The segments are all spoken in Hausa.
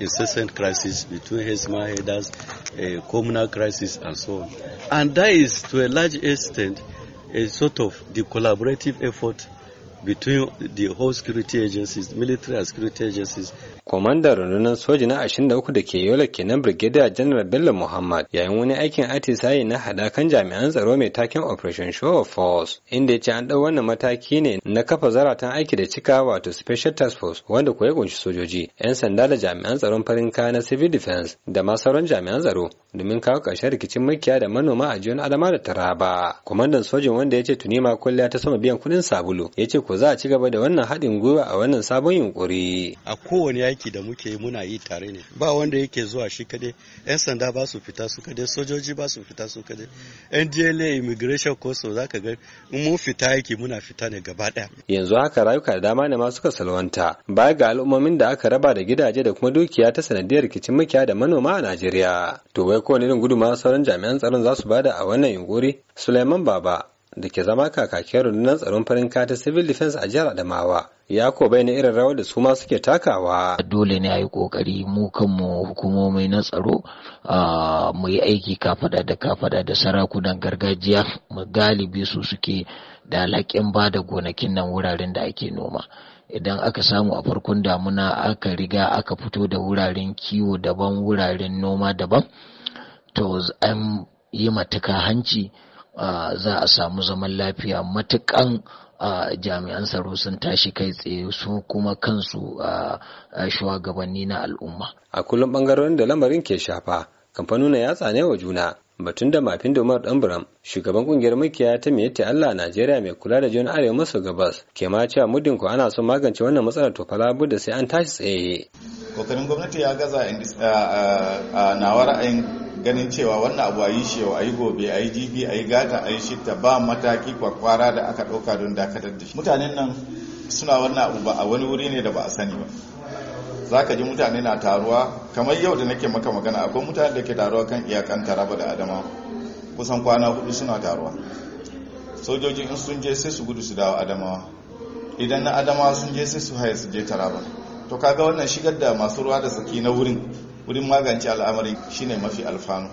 incessant crisis between Hezma headers, a communal crisis, and so on. And that is, to a large extent, a sort of the collaborative effort between the whole security agencies, military and security agencies. Kwamandan rundunar soji na 23 da ke yola kenan Brigadier General Bello Muhammad yayin wani aikin atisaye na hadakan jami'an tsaro mai taken Operation Show of Force inda ya ce an ɗau wannan mataki ne na kafa zaratan aiki da cika wato Special Task Force wanda ko ya kunshi sojoji, 'yan sanda da jami'an tsaron farin kaya na Civil Defense da ma sauran jami'an tsaro domin kawo ƙarshen rikicin makiya da manoma a jihar Adama da Taraba. Kwamandan sojin wanda ya ce tuni ma kulliya ta sama biyan kuɗin sabulu ya ce ku ko za a ci gaba da wannan haɗin gwiwa a wannan sabon yunkuri. A kowane yaki da muke muna yi tare ne ba wanda yake zuwa shi kadai yan sanda ba su fita su kadai sojoji ba su fita su kadai DLA immigration koso za ka ga in mun fita yaki muna fita ne gaba ɗaya. Yanzu haka rayuka da dama ne ma suka salwanta baya ga al'ummomin da aka raba da gidaje da kuma dukiya ta sanadiyar rikicin makiya da manoma a Najeriya. To wai kowane irin guduma sauran jami'an tsaron za su bada a wannan yunkuri Suleiman Baba da ke zama kakakin rundunar tsaron farin kata civil defense a jihar Adamawa ya ko na irin rawar da su ma suke takawa. Dole ne a yi kokari mu kanmu hukumomi na tsaro mu yi aiki kafada da kafada da sarakunan gargajiya mu galibi su suke da alaƙin ba da gonakin nan wuraren da ake noma. idan aka samu a farkon damuna aka riga aka fito da wuraren kiwo daban wuraren noma daban to an yi matuka hanci za a samu zaman lafiya matukan jami'an tsaro sun tashi kai tsaye su kuma kansu shugabanni na al'umma. A kullum bangarorin da lamarin ke shafa, kamfanuna ya tsane wa juna batun da mafin da Umar Danburam, shugaban kungiyar Makiya ta Miyatta Allah Najeriya mai kula da jiyon arewa maso gabas, ke ma cewa muddin ko ana son magance wannan matsalar to fa da sai an tashi tsaye. Kokarin gwamnati ya gaza a nawa ra'ayin ganin cewa wannan abu a yi shi a yi gobe a yi jibi a yi gata a yi shitta ba mataki kwakwara da aka ɗauka don dakatar da shi mutanen nan suna wannan abu ba a wani wuri ne da ba a sani ba za ka ji mutane na taruwa kamar yau da nake maka magana akwai mutane da ke taruwa kan iyakan taraba da adama kusan kwana hudu suna taruwa sojoji in sun je sai su gudu su dawo adamawa idan na adamawa sun je sai su haya su je taraba to kaga wannan shigar da masu ruwa da tsaki na wurin wurin magance al'amari shine mafi alfanu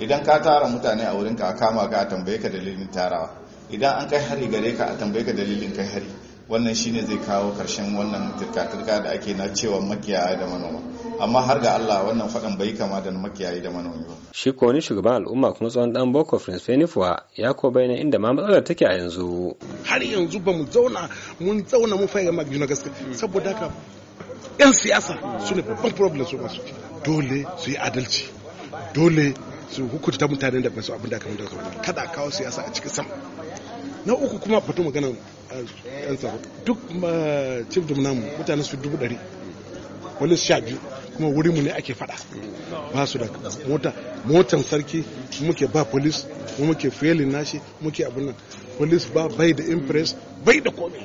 idan ka tara mutane a wurinka a kama ka a tambaye ka dalilin tarawa idan an kai hari gare ka a tambaye ka dalilin kai hari wannan shine zai kawo karshen wannan turka-turka da ake na cewa makiyaya da manoma amma har ga Allah wannan faɗan bai kama da makiyayi da manomi ba shi ko wani shugaban al'umma kuma tsohon dan boko prince fenifuwa ya ko bayyana inda ma matsalar take a yanzu har yanzu ba mu zauna mun zauna mu fara gaskiya saboda haka 'yan siyasa su ne babban problem su masu dole su yi adalci dole su hukunta mutanen da basu abin da aka mutu kada a kawo siyasa a cikin sama na uku kuma batun magana eh, yan tsaro duk eh, chief dum namu mutane su dubu dari wani sha biyu kuma wuri mu ne ake fada ba su da mota motan sarki muke ba police mu muke failing nashi muke abin nan police ba bai da impress bai da komai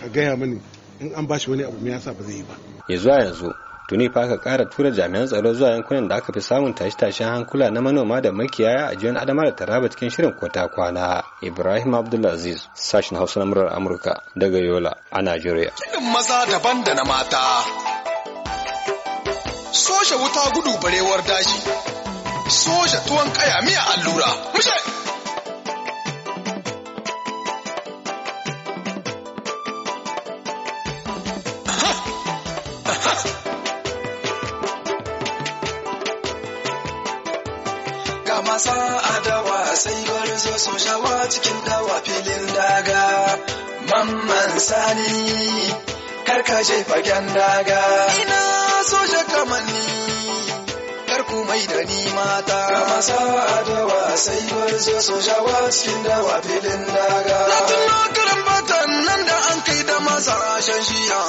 ka gaya mani in an bashi wani abu ya sa ba zai yi ba ya zuwa yanzu tuni fa aka kara tura jami'an tsaro zuwa yankunan da aka fi samun tashe-tashen hankula na manoma da makiyaya a jiyan adama da taraba cikin shirin kwatakwana. kwana ibrahim abdulaziz sashen hausa na murar amurka daga yola a najeriya irin maza daban da na mata soja wuta gudu barewar daji soja tuwon kaya miya allura masa adawa sai bari zo sun shawa cikin dawa filin daga mamman sani karka je fagen daga ina soja kamanni karku mai da ni mata masa adawa sai bari zo sun shawa cikin dawa filin daga latin makarin batan nan da an kai da masa shan shiya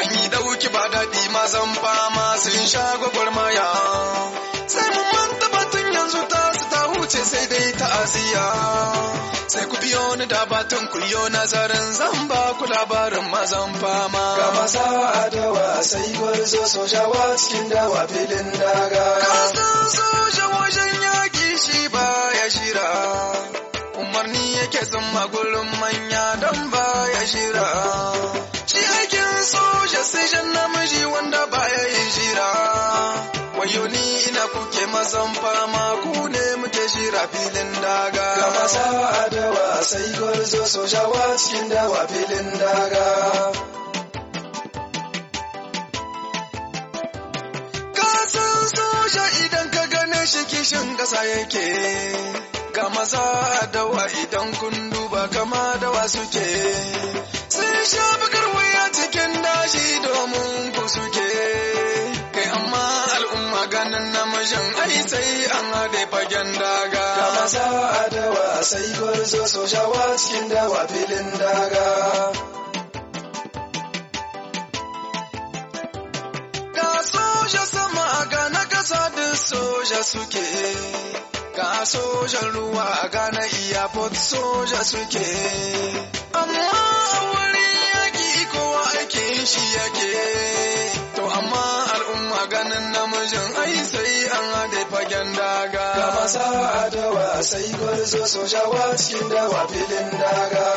an yi dauki ba daɗi mazan fama sun sha gwagwarmaya sai dai ta'aziyya sai ku biyo ni da batun ku nazarin zan ba ku labarin mazan fama ga masa adawa sai gwarzo sojawa cikin dawa filin daga kasan soja wajen yaki shi ba ya shira umarni yake zama gurin manya dan ba ya shira shi aikin soja sai janna Yuni ina kuke mazan fama ku ne muke jira filin daga. Gama sawa dawa sai gwarzo sojawa cikin dawa filin daga. Kasan soja idan ka gane shi kishin ƙasa yake. Ga maza dawa idan kun duba kama dawa suke. Sun shafi bakar wuya cikin dashi domin sojan ai sai an haɗe fagen daga kama a adawa sai so shawa cikin dawa filin daga ga soja sama ga na kasa duk soja suke ga sojan ruwa ga na iyapot soja suke amma a wuri yaki kowa aikin shi yake to amma al'umma ganin namijin sa'a adawa sai gwarzo sojawa cikin dawa filin daga